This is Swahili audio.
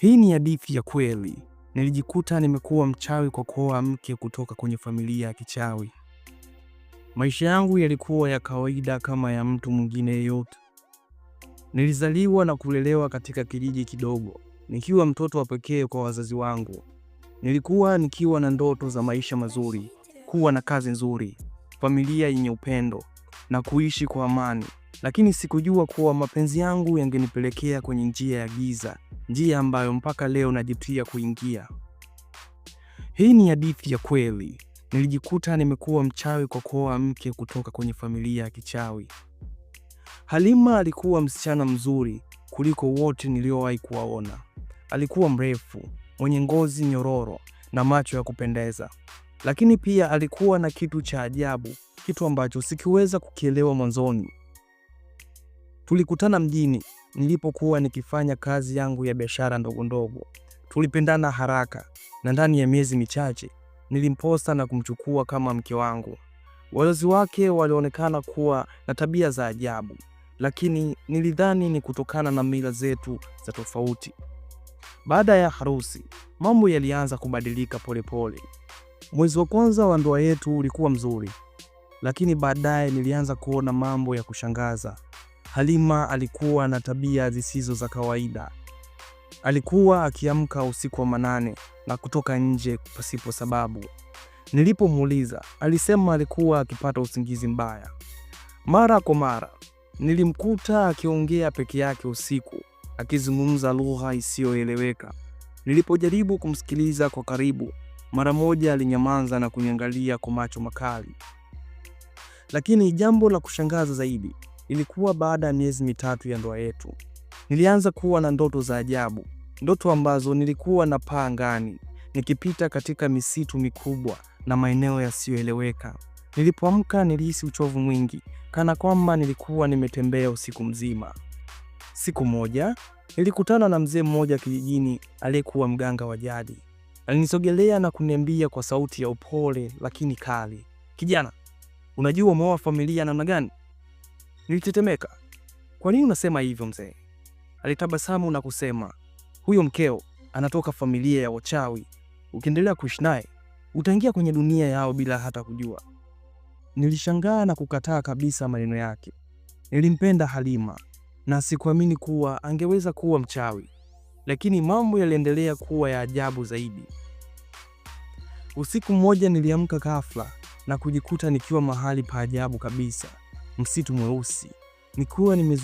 Hii ni hadithi ya kweli. Nilijikuta nimekuwa mchawi kwa kuoa mke kutoka kwenye familia ya kichawi. Maisha yangu yalikuwa ya kawaida kama ya mtu mwingine yeyote. Nilizaliwa na kulelewa katika kijiji kidogo, nikiwa mtoto wa pekee kwa wazazi wangu. Nilikuwa nikiwa na ndoto za maisha mazuri, kuwa na kazi nzuri, familia yenye upendo na kuishi kwa amani, lakini sikujua kuwa mapenzi yangu yangenipelekea kwenye njia ya giza njia ambayo mpaka leo najitia kuingia. Hii ni hadithi ya kweli. Nilijikuta nimekuwa mchawi kwa kuoa mke kutoka kwenye familia ya kichawi. Halima alikuwa msichana mzuri kuliko wote niliowahi kuwaona. Alikuwa mrefu, mwenye ngozi nyororo na macho ya kupendeza, lakini pia alikuwa na kitu cha ajabu, kitu ambacho sikiweza kukielewa mwanzoni. Tulikutana mjini nilipokuwa nikifanya kazi yangu ya biashara ndogo ndogo. Tulipendana haraka na ndani ya miezi michache nilimposa na kumchukua kama mke wangu. Wazazi wake walionekana kuwa na tabia za ajabu, lakini nilidhani ni kutokana na mila zetu za tofauti. Baada ya harusi, mambo yalianza kubadilika polepole. Mwezi wa kwanza wa ndoa yetu ulikuwa mzuri, lakini baadaye nilianza kuona mambo ya kushangaza. Halima alikuwa na tabia zisizo za kawaida. Alikuwa akiamka usiku wa manane na kutoka nje pasipo sababu. Nilipomuuliza, alisema alikuwa akipata usingizi mbaya mara kwa mara. Nilimkuta akiongea peke yake usiku, akizungumza lugha isiyoeleweka. Nilipojaribu kumsikiliza kwa karibu, mara moja alinyamaza na kuniangalia kwa macho makali. Lakini jambo la kushangaza zaidi, Ilikuwa baada ya miezi mitatu ya ndoa yetu. Nilianza kuwa na ndoto za ajabu, ndoto ambazo nilikuwa napaa angani, nikipita katika misitu mikubwa na maeneo yasiyoeleweka. Nilipoamka nilihisi uchovu mwingi, kana kwamba nilikuwa nimetembea usiku mzima. Siku moja nilikutana na mzee mmoja kijijini aliyekuwa mganga wa jadi. Alinisogelea na kuniambia kwa sauti ya upole lakini kali, kijana, unajua umeoa familia namna gani? Nilitetemeka. Kwa nini unasema hivyo mzee? Alitabasamu na kusema, huyo mkeo anatoka familia ya wachawi. Ukiendelea kuishi naye utaingia kwenye dunia yao bila hata kujua. Nilishangaa na kukataa kabisa maneno yake. Nilimpenda Halima na sikuamini kuwa angeweza kuwa mchawi, lakini mambo yaliendelea kuwa ya ajabu zaidi. Usiku mmoja niliamka ghafla na kujikuta nikiwa mahali pa ajabu kabisa msitu mweusi. Nikuwa nimezunguka